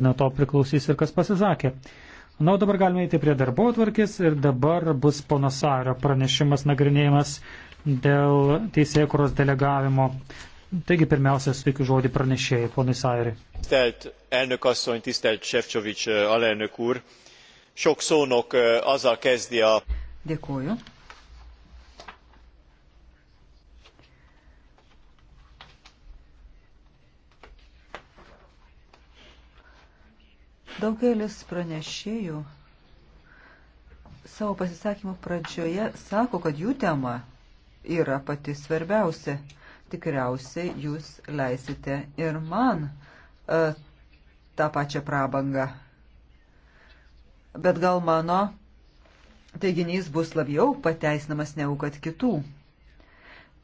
nuo to priklausys ir kas pasisakė. Na, o dabar galime eiti prie darbo atvarkės ir dabar bus pono Sario pranešimas nagrinėjimas dėl teisėkuros delegavimo. Taigi pirmiausia, sveikiu žodį pranešėjai, ponai Sairi. Tisztelt elnök asszony, tisztelt Šefčovič alelnök úr. Sok szónok azzal kezdi a... Dėkuoju. Daugelis pranešėjų savo pasisakymų pradžioje sako, kad jų tema yra pati svarbiausia. Tikriausiai jūs leisite ir man e, tą pačią prabangą. Bet gal mano teiginys bus labiau pateisinamas negu kad kitų.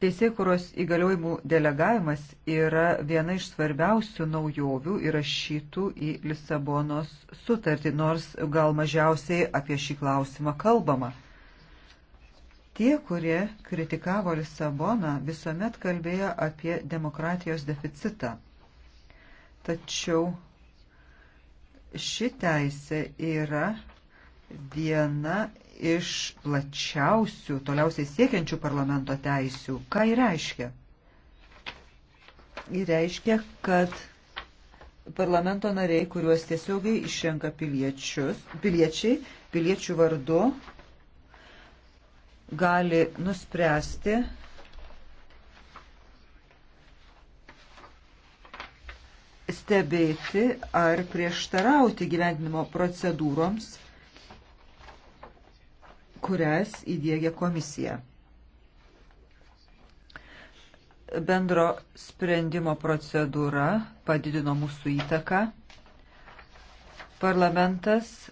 Teisėkuros įgaliojimų delegavimas yra viena iš svarbiausių naujovių įrašytų į Lisabonos sutartį, nors gal mažiausiai apie šį klausimą kalbama. Tie, kurie kritikavo Lisaboną, visuomet kalbėjo apie demokratijos deficitą. Tačiau ši teisė yra viena iš plačiausių, toliausiai siekiančių parlamento teisių. Ką jį reiškia? Jį reiškia, kad parlamento nariai, kuriuos tiesiogiai išrenka piliečiai, piliečių vardu, gali nuspręsti, stebėti ar prieštarauti gyvendinimo procedūroms kurias įdėgė komisija. Bendro sprendimo procedūra padidino mūsų įtaką. Parlamentas e,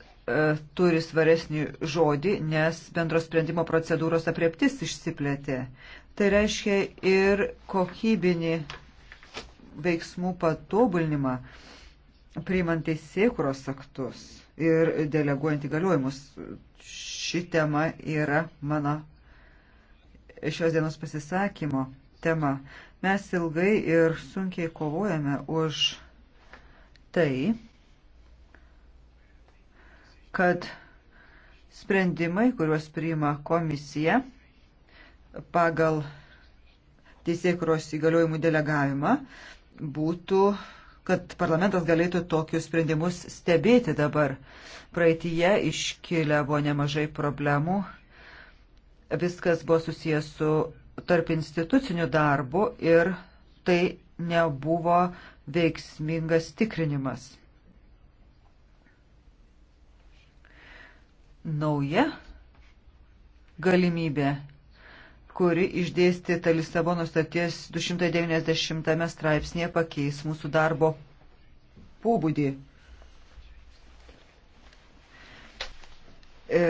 turi svaresnį žodį, nes bendro sprendimo procedūros apreptis išsiplėtė. Tai reiškia ir kokybinį veiksmų patobulinimą, priimant teisėkuros aktus ir deleguojant įgaliojimus ši tema yra mano šios dienos pasisakymo tema. Mes ilgai ir sunkiai kovojame už tai, kad sprendimai, kuriuos priima komisija pagal teisėkuros įgaliojimų delegavimą, būtų kad parlamentas galėtų tokius sprendimus stebėti dabar. Praeitie iškilę buvo nemažai problemų. Viskas buvo susijęs su tarp instituciniu darbu ir tai nebuvo veiksmingas tikrinimas. Nauja galimybė kuri išdėstyta Lisabono staties 290 straipsnėje pakeis mūsų darbo pobūdį. E,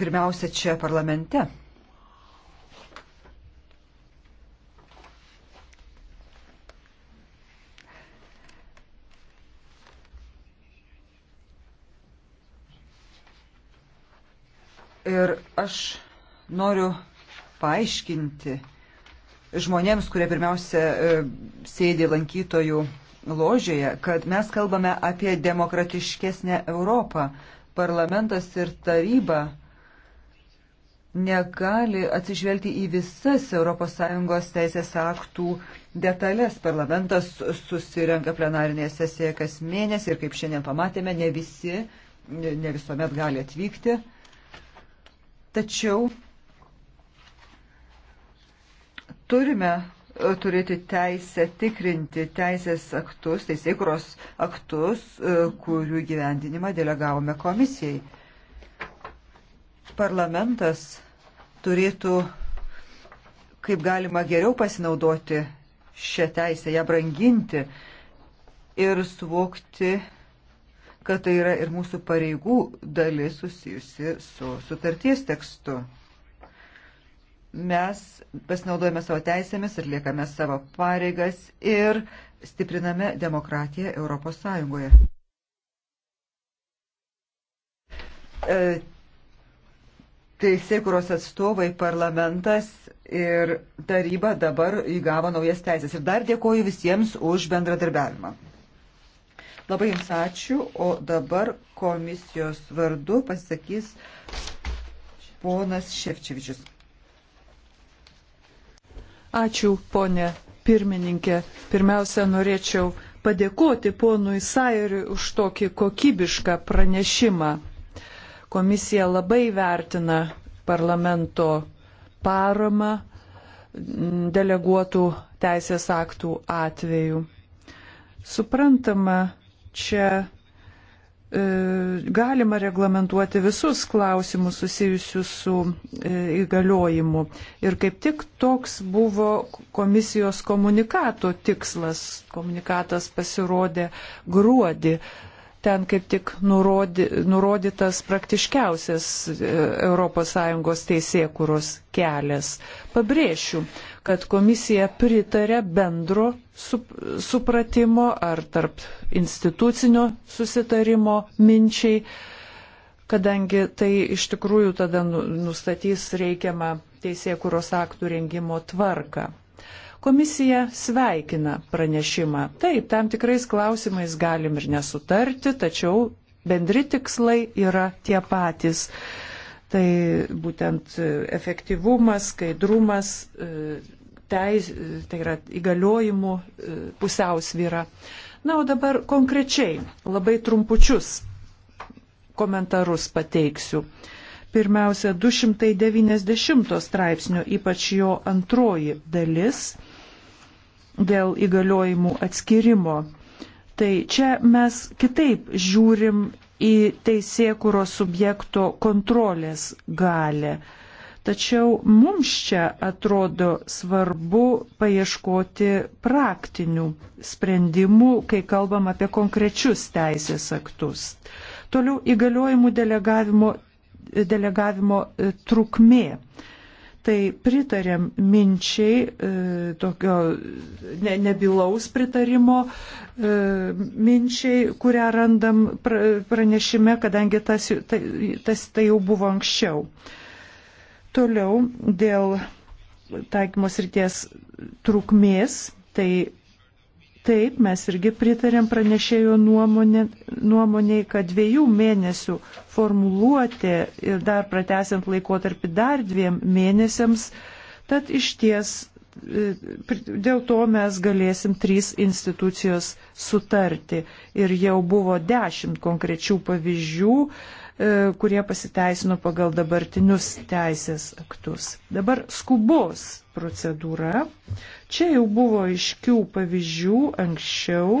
pirmiausia, čia parlamente. Ir aš noriu paaiškinti žmonėms, kurie pirmiausia e, sėdė lankytojų ložėje, kad mes kalbame apie demokratiškesnę Europą. Parlamentas ir taryba negali atsižvelgti į visas ES teisės aktų detalės. Parlamentas susirenka plenarinėje sesijoje kas mėnesį ir kaip šiandien pamatėme, ne visi, ne visuomet gali atvykti. Tačiau turime e, turėti teisę tikrinti teisės aktus, teisėkuros aktus, e, kurių gyvendinimą delegavome komisijai. Parlamentas turėtų kaip galima geriau pasinaudoti šią teisę, ją branginti ir suvokti, kad tai yra ir mūsų pareigų dalis susijusi su sutarties tekstu mes pasinaudojame savo teisėmis ir liekame savo pareigas ir stipriname demokratiją Europos Sąjungoje. E, teisėkuros atstovai, parlamentas ir taryba dabar įgavo naujas teisės. Ir dar dėkoju visiems už bendradarbiavimą. Labai jums ačiū, o dabar komisijos vardu pasakys ponas Ševčevičius. Ačiū, ponė pirmininkė. Pirmiausia, norėčiau padėkoti ponui Sairiui už tokį kokybišką pranešimą. Komisija labai vertina parlamento paramą deleguotų teisės aktų atveju. Suprantama, čia E, galima reglamentuoti visus klausimus susijusius su e, įgaliojimu. Ir kaip tik toks buvo komisijos komunikato tikslas. Komunikatas pasirodė gruodį ten kaip tik nurodi, nurodytas praktiškiausias ES teisėkuros kelias. Pabrėšiu, kad komisija pritarė bendro supratimo ar tarp institucinio susitarimo minčiai, kadangi tai iš tikrųjų tada nu, nustatys reikiamą teisėkuros aktų rengimo tvarką. Komisija sveikina pranešimą. Taip, tam tikrais klausimais galim ir nesutarti, tačiau bendri tikslai yra tie patys. Tai būtent e, efektyvumas, skaidrumas, e, teis, tai yra įgaliojimų e, pusiausvyra. Na, o dabar konkrečiai, labai trumpučius komentarus pateiksiu. Pirmiausia, 290 straipsnio, ypač jo antroji dalis dėl įgaliojimų atskirimo. Tai čia mes kitaip žiūrim į teisėkuros subjekto kontrolės galę. Tačiau mums čia atrodo svarbu paieškoti praktinių sprendimų, kai kalbam apie konkrečius teisės aktus. Toliau įgaliojimų delegavimo, delegavimo e, trukmė tai pritarėm minčiai e, tokio ne, nebilaus pritarimo e, minčiai, kurią randam pra, pranešime, kadangi tas, tai, tas tai jau buvo anksčiau. Toliau dėl taikymos ryties trukmės, tai Taip, mes irgi pritarėm pranešėjo nuomonė, nuomonėj, kad dviejų mėnesių formuluoti ir dar pratesiant laikotarpį dar dviem mėnesiams, tad iš ties e, dėl to mes galėsim trys institucijos sutarti. Ir jau buvo dešimt konkrečių pavyzdžių, E, kurie pasiteisino pagal dabartinius teisės aktus. Dabar skubos procedūra. Čia jau buvo iškių pavyzdžių anksčiau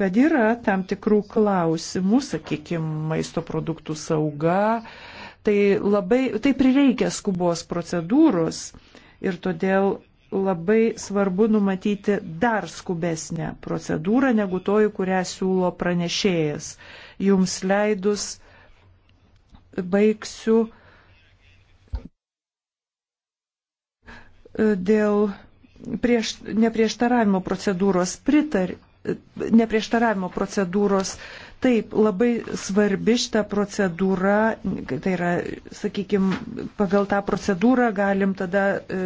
kad yra tam tikrų klausimų, sakykime, maisto produktų sauga, tai labai, tai prireikia skubos procedūros ir todėl labai svarbu numatyti dar skubesnę procedūrą negu toji, kurią siūlo pranešėjas. Jums leidus baigsiu dėl prieš, neprieštaravimo procedūros pritar, neprieštaravimo procedūros. Taip, labai svarbi šita procedūra, tai yra, sakykime, pagal tą procedūrą galim tada e,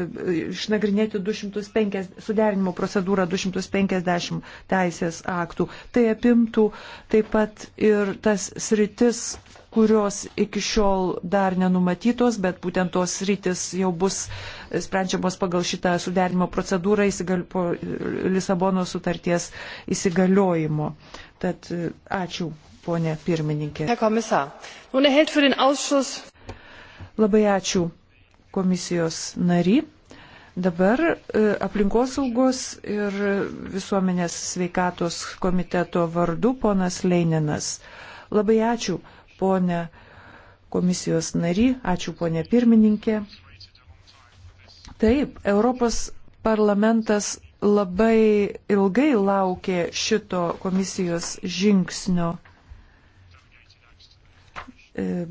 išnagrinėti 250, suderinimo procedūrą 250 teisės aktų. Tai apimtų taip pat ir tas sritis, kurios iki šiol dar nenumatytos, bet būtent tos rytis jau bus sprendžiamos pagal šitą suderimo procedūrą įsigal... po Lisabono sutarties įsigaliojimo. Tad ačiū, ponė pirmininkė. Labai ačiū komisijos nari. Dabar e, aplinkosaugos ir visuomenės sveikatos komiteto vardu ponas Leininas. Labai ačiū ponė komisijos nari, ačiū ponė pirmininkė. Taip, Europos parlamentas labai ilgai laukė šito komisijos žingsnio e,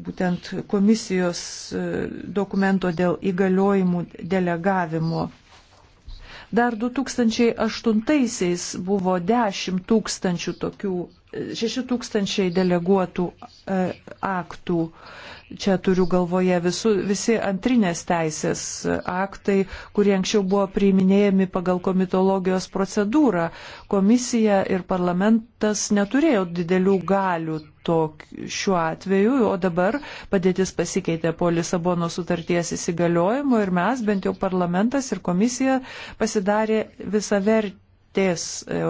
būtent komisijos e, dokumento dėl įgaliojimų delegavimo. Dar 2008-aisiais buvo 10 tūkstančių tokių 6 tūkstančiai deleguotų e, aktų. Čia turiu galvoje visu, visi antrinės teisės aktai, kurie anksčiau buvo priiminėjami pagal komitologijos procedūrą. Komisija ir parlamentas neturėjo didelių galių tok, šiuo atveju, o dabar padėtis pasikeitė po Lisabono sutarties įsigaliojimo ir mes, bent jau parlamentas ir komisija, pasidarė visą vertės e,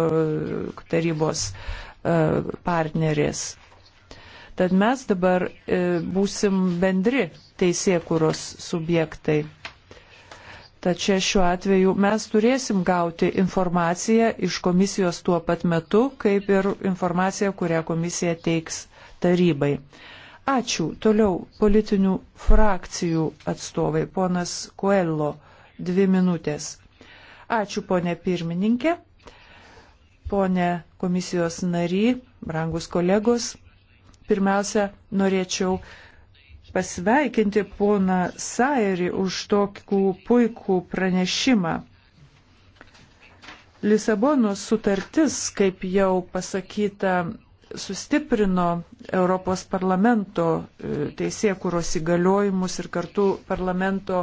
tarybos E, partnerės. Tad mes dabar e, būsim bendri teisėkuros subjektai. Tačiau šiuo atveju mes turėsim gauti informaciją iš komisijos tuo pat metu, kaip ir informaciją, kurią komisija teiks tarybai. Ačiū. Toliau politinių frakcijų atstovai. Ponas Koello, dvi minutės. Ačiū, ponė pirmininkė. Pone komisijos nary, brangus kolegos, pirmiausia, norėčiau pasveikinti poną Sairį už tokį puikų pranešimą. Lisabonos sutartis, kaip jau pasakyta, sustiprino Europos parlamento e, teisėkuros įgaliojimus ir kartu parlamento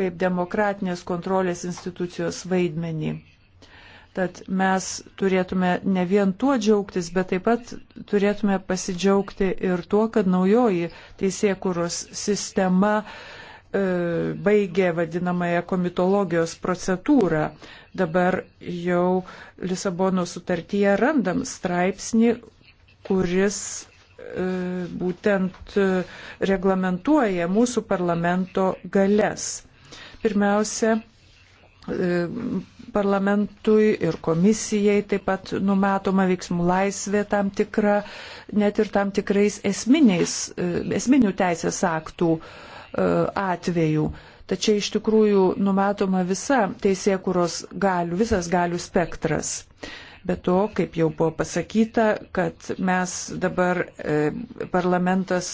kaip demokratinės kontrolės institucijos vaidmenį. Tad mes turėtume ne vien tuo džiaugtis, bet taip pat turėtume pasidžiaugti ir tuo, kad naujoji teisėkuros sistema e, baigė vadinamąją komitologijos procedūrą. Dabar jau Lisabono sutartyje randam straipsnį, kuris e, būtent e, reglamentuoja mūsų parlamento galės. Pirmiausia, E, parlamentui ir komisijai taip pat numatoma veiksmų laisvė tam tikra, net ir tam tikrais esminiais, e, esminių teisės aktų e, atveju. Tačiau iš tikrųjų numatoma visa teisėkuros galių, visas galių spektras. Be to, kaip jau buvo pasakyta, kad mes dabar e, parlamentas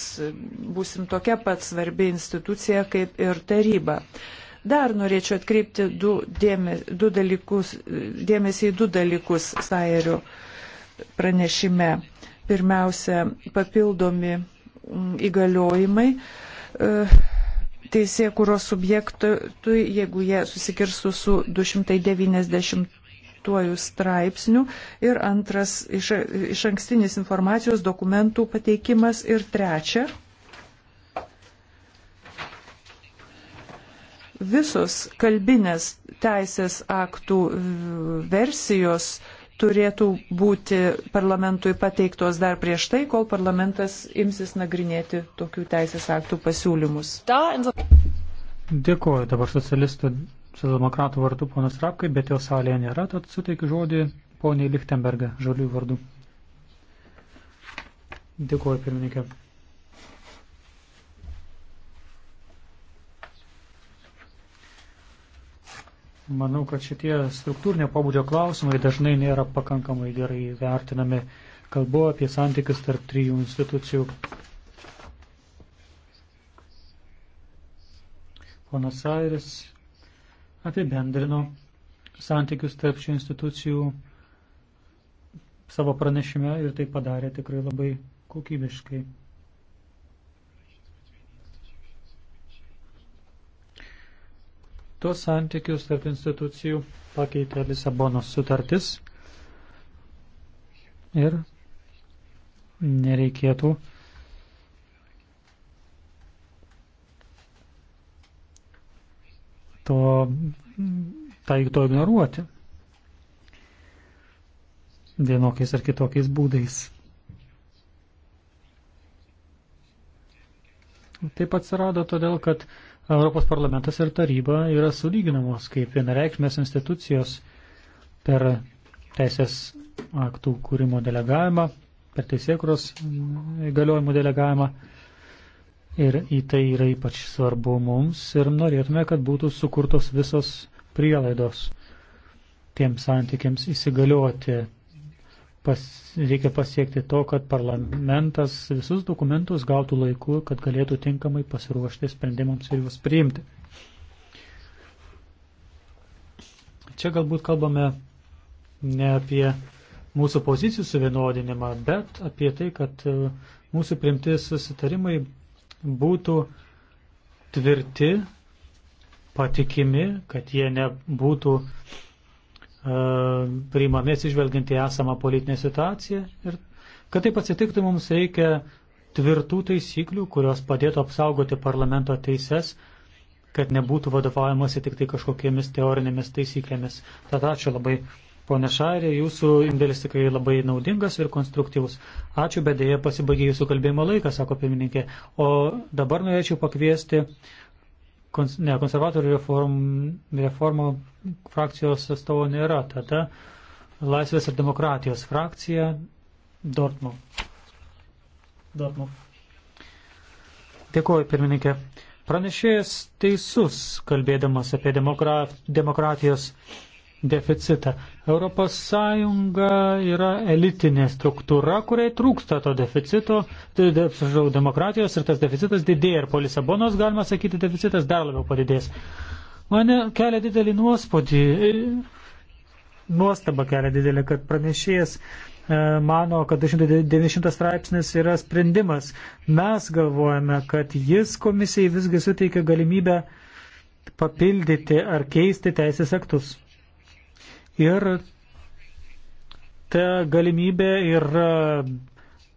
būsim tokia pat svarbi institucija kaip ir taryba. E, Dar norėčiau atkreipti du, dėme, du dalykus, dėmesį į du dalykus Sajerio pranešime. Pirmiausia, papildomi mm, įgaliojimai e, teisėkuros subjektui, jeigu jie susikirstų su 290 straipsniu ir antras iš, iš ankstinis informacijos dokumentų pateikimas ir trečia visos kalbinės teisės aktų versijos turėtų būti parlamentui pateiktos dar prieš tai, kol parlamentas imsis nagrinėti tokių teisės aktų pasiūlymus. Dėkuoju dabar socialistų, socialdemokratų vardu ponas Rapkai, bet jo salėje nėra, tad suteikiu žodį poniai Lichtenbergą, žaliųjų vardu. Dėkuoju, pirmininkė. Manau, kad šitie struktūrinio pobūdžio klausimai dažnai nėra pakankamai gerai vertinami. Kalbu apie santykius tarp trijų institucijų. Ponas Airis apibendrino santykius tarp šių institucijų savo pranešime ir tai padarė tikrai labai kokybiškai. Tuos santykius tarp institucijų pakeitė Lisabonos sutartis ir nereikėtų to, tai to ignoruoti vienokiais ar kitokiais būdais. Taip atsirado todėl, kad Europos parlamentas ir taryba yra sulyginamos kaip vienareikšmės institucijos per teisės aktų kūrimo delegavimą, per teisėkuros įgaliojimų delegavimą. Ir į tai yra ypač svarbu mums ir norėtume, kad būtų sukurtos visos prielaidos tiems santykiams įsigalioti pas, reikia pasiekti to, kad parlamentas visus dokumentus gautų laiku, kad galėtų tinkamai pasiruošti sprendimams ir juos priimti. Čia galbūt kalbame ne apie mūsų pozicijų suvienodinimą, bet apie tai, kad e, mūsų priimti susitarimai būtų tvirti, patikimi, kad jie nebūtų priimami atsižvelgiant į esamą politinę situaciją. Ir kad taip atsitiktų, mums reikia tvirtų taisyklių, kurios padėtų apsaugoti parlamento teises, kad nebūtų vadovaujamasi tik tai kažkokiamis teorinėmis taisyklėmis. Tad ačiū labai, ponė Šarė, jūsų indėlis tikrai labai naudingas ir konstruktyvus. Ačiū, bet dėja pasibaigė jūsų kalbėjimo laikas, sako pirmininkė. O dabar norėčiau pakviesti uh, kons, ne, konservatorių reform, reformų frakcijos atstovo nėra. Tada Laisvės ir demokratijos frakcija Dortmund. Dortmund. Dėkuoju, pirmininkė. Pranešėjas teisus, kalbėdamas apie demokratijos deficitą. ES yra elitinė struktūra, kuriai trūksta to deficito, tai apsižau demokratijos ir tas deficitas didėja ir po Lisabonos, galima sakyti, deficitas dar labiau padidės. Mane kelia didelį nuospodį, nuostaba kelia didelį, kad pranešėjas e, mano, kad 290 straipsnis yra sprendimas. Mes galvojame, kad jis komisijai visgi suteikia galimybę papildyti ar keisti teisės aktus ir ta galimybė yra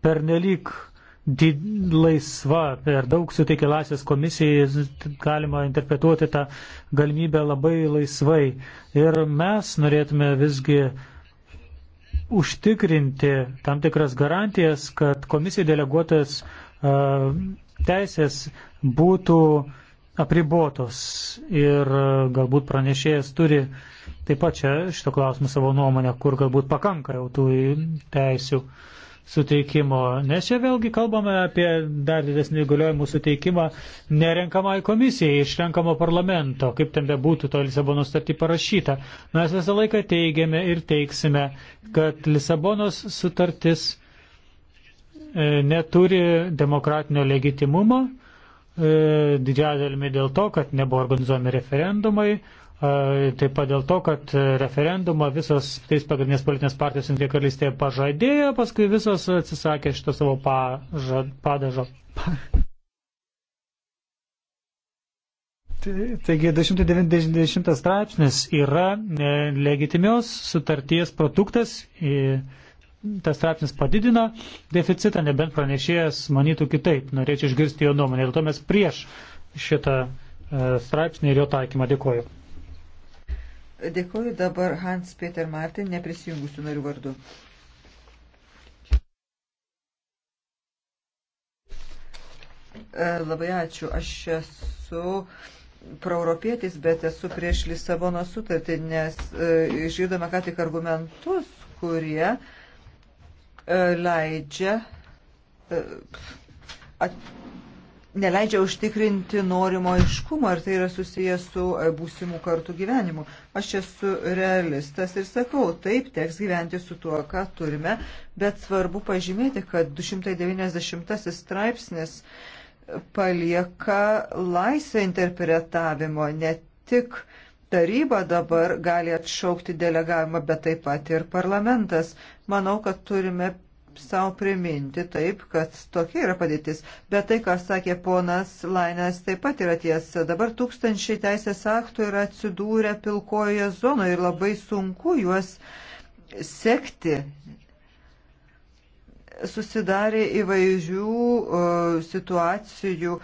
pernelyg laisva, per daug suteikia laisvės komisijai, galima interpretuoti tą galimybę labai laisvai. Ir mes norėtume visgi užtikrinti tam tikras garantijas, kad komisijai deleguotas teisės būtų uh, apribotos ir e, galbūt pranešėjas turi taip pat čia šito klausimu savo nuomonę, kur galbūt pakanka jau tų teisių suteikimo, nes čia vėlgi kalbame apie dar didesnį įgaliojimų suteikimą nerenkamai komisijai, išrenkamo parlamento, kaip ten bebūtų to Lisabonos sutartį parašyta. Mes visą laiką teigiame ir teiksime, kad Lisabonos sutartis e, neturi demokratinio legitimumo, E, didžiąją dalimi dėl to, kad nebuvo organizuojami referendumai, e, taip pat dėl to, kad referendumą visos tais pagrindinės politinės partijos Junktinėje karalystėje pažadėjo, paskui visos atsisakė šito savo pažad, padažo. Taigi 290 straipsnis yra e, legitimios sutarties produktas. Į, tas straipsnis padidina deficitą, nebent pranešėjas manytų kitaip. Norėčiau išgirsti jo nuomonę. Dėl to mes prieš šitą e, straipsnį ir jo taikymą dėkoju. Dėkoju dabar Hans Peter Martin, neprisijungusių narių vardu. E, labai ačiū. Aš esu proeuropietis, bet esu prieš Lisabono sutartį, nes e, išgirdome ką tik argumentus, kurie uh, E, leidžia, e, at, neleidžia užtikrinti norimo aiškumo ir tai yra susijęs su e, būsimų kartų gyvenimu. Aš esu realistas ir sakau, taip, teks gyventi su tuo, ką turime, bet svarbu pažymėti, kad 290 straipsnis palieka laisvę interpretavimo, ne tik uh, taryba dabar gali atšaukti delegavimą, bet taip pat ir parlamentas. Manau, kad turime savo priminti taip, kad tokia yra padėtis. Bet tai, ką sakė ponas Lainės, taip pat yra tiesa. Dabar tūkstančiai teisės aktų yra atsidūrę pilkojoje zonoje ir labai sunku juos sekti. Susidarė įvairių uh, situacijų,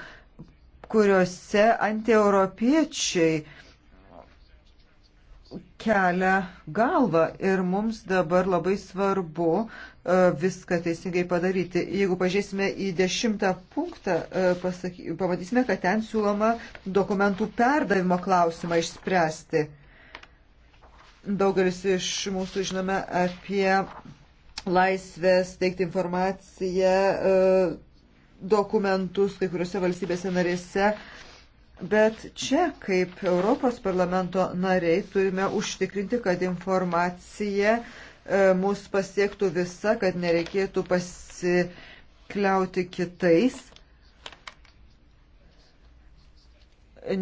kuriuose antieuropiečiai uh, kelia galvą ir mums dabar labai svarbu e, viską teisingai padaryti. Jeigu pažiūrėsime į dešimtą punktą, e, pasaky, pamatysime, kad ten siūloma dokumentų perdavimo klausimą išspręsti. Daugelis iš mūsų žinome apie laisvės teikti informaciją e, dokumentus kai kuriuose valstybėse narėse Bet čia, kaip Europos parlamento nariai, turime užtikrinti, kad informacija e, mus pasiektų visa, kad nereikėtų pasikliauti kitais.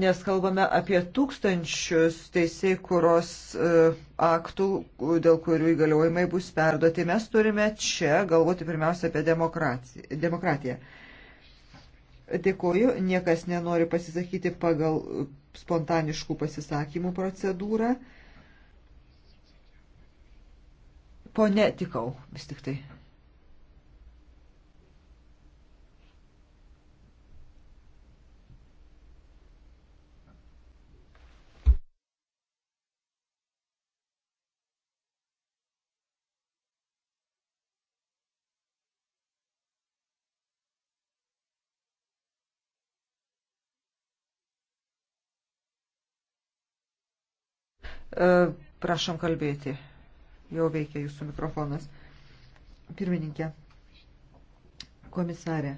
Nes kalbame apie tūkstančius teisėjų kuros e, aktų, dėl kurių įgaliojimai bus perduoti. Mes turime čia galvoti pirmiausia apie demokratiją. Dėkoju, niekas nenori pasisakyti pagal spontaniškų pasisakymų procedūrą. Pone tikau, vis tik tai. E, prašom kalbėti. Jau veikia jūsų mikrofonas. Pirmininkė. Komisarė.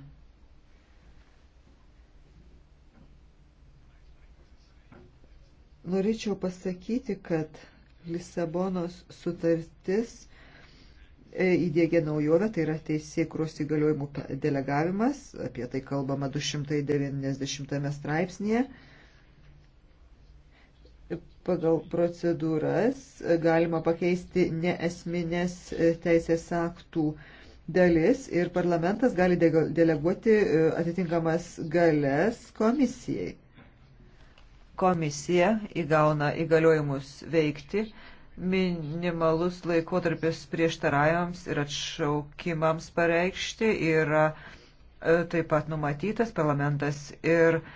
Norėčiau pasakyti, kad Lisabonos sutartis e, įdėgė naujovę, tai yra teisėkros įgaliojimų delegavimas, apie tai kalbama 290 straipsnėje pagal procedūras galima pakeisti neesminės e, teisės aktų dalis ir parlamentas gali deleguoti e, atitinkamas galės komisijai. Komisija įgauna įgaliojimus veikti, minimalus laikotarpis prieštaravimams ir atšaukimams pareikšti yra e, taip pat numatytas parlamentas ir uh,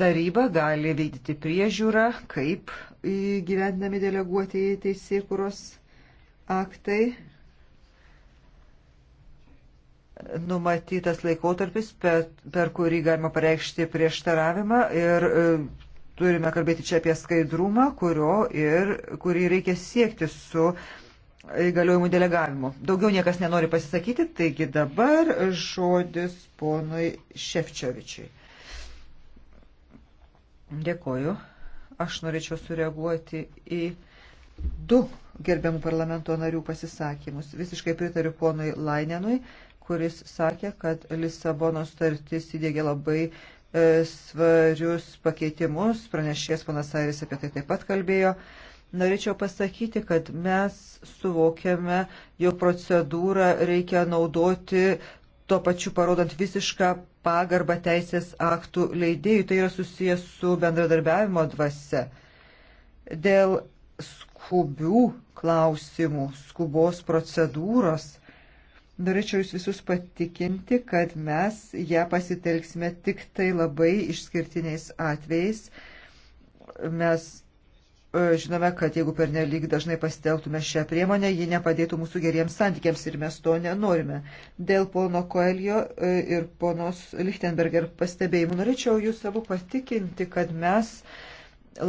taryba gali vykdyti priežiūrą, kaip gyvendami deleguoti į teisėkuros aktai. Numatytas laikotarpis, per, per kurį galima pareikšti prieštaravimą ir e, turime kalbėti čia apie skaidrumą, kurio ir kurį reikia siekti su įgaliojimų delegavimu. Daugiau niekas nenori pasisakyti, taigi dabar žodis ponui Šefčiovičiui. Dėkoju. Aš norėčiau sureaguoti į du gerbiamų parlamento narių pasisakymus. Visiškai pritariu ponui Lainenui, kuris sakė, kad Lisabonos startis įdėgė labai e, svarius pakeitimus. Pranešės panas Airis apie tai taip pat kalbėjo. Norėčiau pasakyti, kad mes suvokiame, jo procedūrą reikia naudoti tuo pačiu parodant visišką pagarbą teisės aktų leidėjų. Tai yra susijęs su bendradarbiavimo dvasia. Dėl skubių klausimų, skubos procedūros norėčiau jūs visus patikinti, kad mes ją pasitelksime tik tai labai išskirtiniais atvejais. Mes E, žinome, kad jeigu per nelik dažnai pasiteltume šią priemonę, ji nepadėtų mūsų geriems santykiams ir mes to nenorime. Dėl pono Koelio e, ir ponos Lichtenberger pastebėjimų norėčiau jūs abu patikinti, kad mes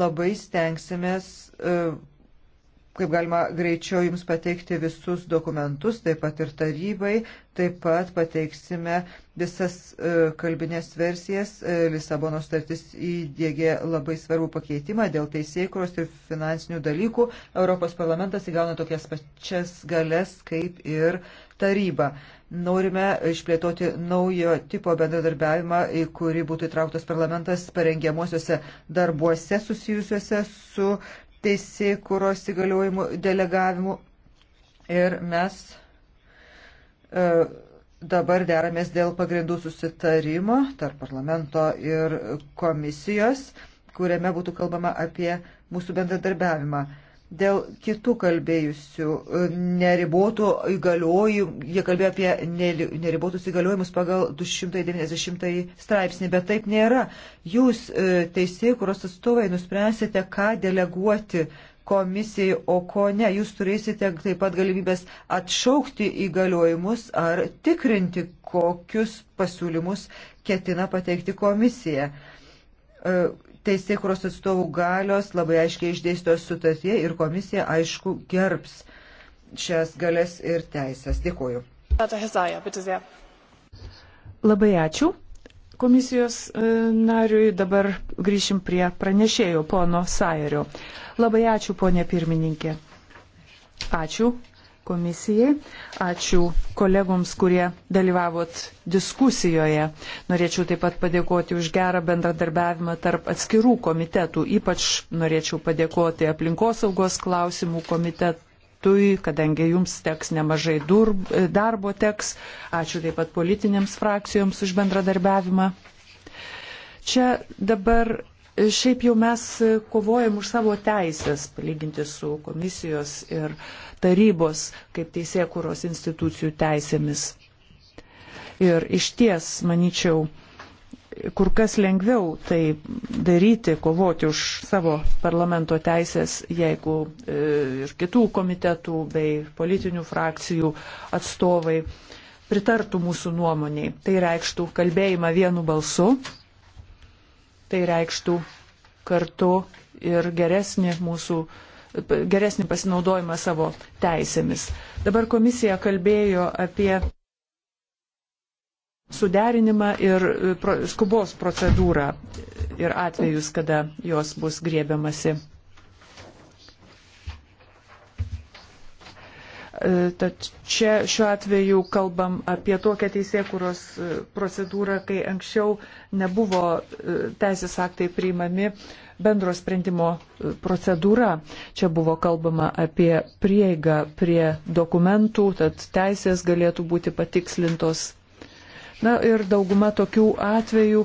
labai stengsimės e, kaip galima greičiau jums pateikti visus dokumentus, taip pat ir tarybai, taip pat pateiksime visas e, kalbinės versijas. E, Lisabono startis įdėgė labai svarbų pakeitimą dėl teisėkros ir finansinių dalykų. Europos parlamentas įgauna tokias pačias galės kaip ir taryba. Norime išplėtoti naujo tipo bendradarbiavimą, į kurį būtų įtrauktas parlamentas parengiamuosiuose darbuose susijusiuose su teisėkuros įgaliojimų delegavimu. Ir mes e, dabar deramės dėl pagrindų susitarimo tarp parlamento ir komisijos, kuriame būtų kalbama apie mūsų bendradarbiavimą. Dėl kitų kalbėjusių e, neribotų įgaliojimų, jie kalbėjo apie neribotus įgaliojimus pagal 290 straipsnį, bet taip nėra. Jūs e, teisėjai, kurios atstovai, nuspręsite, ką deleguoti komisijai, o ko ne. Jūs turėsite taip pat galimybės atšaukti įgaliojimus ar tikrinti, kokius pasiūlymus ketina pateikti komisija. E, teisėkros atstovų galios labai aiškiai išdėstos sutartie ir komisija, aišku, gerbs šias galės ir teisės. Dėkuoju. Labai ačiū. Komisijos e, nariui dabar grįšim prie pranešėjo pono Sairio. Labai ačiū, ponė pirmininkė. Ačiū komisijai. Ačiū kolegoms, kurie dalyvavot diskusijoje. Norėčiau taip pat padėkoti už gerą bendradarbiavimą tarp atskirų komitetų. Ypač norėčiau padėkoti aplinkosaugos klausimų komitetui kadangi jums teks nemažai durb, darbo teks. Ačiū taip pat politinėms frakcijoms už bendradarbiavimą. Čia dabar Šiaip jau mes kovojam už savo teisės, palyginti su komisijos ir tarybos kaip teisėkuros institucijų teisėmis. Ir iš ties, manyčiau, kur kas lengviau tai daryti, kovoti už savo parlamento teisės, jeigu e, ir kitų komitetų bei politinių frakcijų atstovai pritartų mūsų nuomoniai. Tai reikštų kalbėjimą vienu balsu Tai reikštų kartu ir geresnį mūsų geresnį pasinaudojimą savo teisėmis. Dabar komisija kalbėjo apie suderinimą ir e, skubos procedūrą ir atvejus, kada jos bus grėbiamasi E, tad čia šiuo atveju kalbam apie tokią teisėkuros e, procedūrą, kai anksčiau nebuvo e, teisės aktai priimami bendro sprendimo procedūra. Čia buvo kalbama apie prieigą prie dokumentų, tad teisės galėtų būti patikslintos. Na ir dauguma tokių atvejų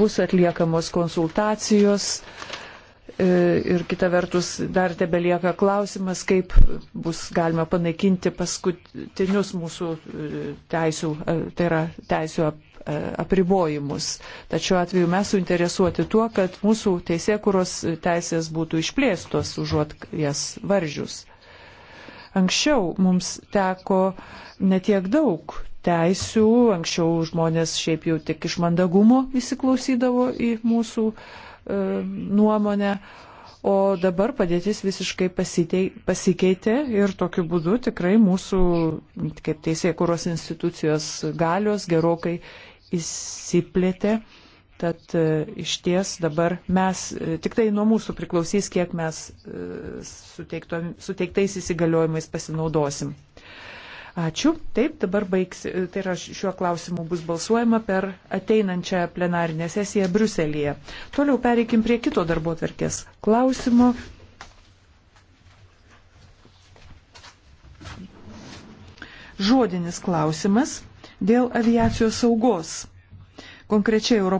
bus atliekamos konsultacijos E, ir kita vertus dar tebelieka klausimas, kaip bus galima panaikinti paskutinius mūsų e, teisų, e, tai yra teisų apribojimus. Tačiau atveju mes suinteresuoti tuo, kad mūsų teisėkuros teisės būtų išplėstos užuot jas varžius. Anksčiau mums teko netiek daug teisių, anksčiau žmonės šiaip jau tik iš mandagumo įsiklausydavo į mūsų nuomonę. O dabar padėtis visiškai pasitei, pasikeitė ir tokiu būdu tikrai mūsų, kaip teisėjai, kuros institucijos galios gerokai įsiplėtė. Tad e, iš ties dabar mes, e, tik tai nuo mūsų priklausys, kiek mes e, suteiktais įsigaliojimais pasinaudosim. Ačiū. Taip, dabar baigsi. Tai yra šiuo klausimu bus balsuojama per ateinančią plenarinę sesiją Bruselėje. Toliau pereikim prie kito darbo tvarkės klausimo. Žodinis klausimas dėl aviacijos saugos. Konkrečiai Europos.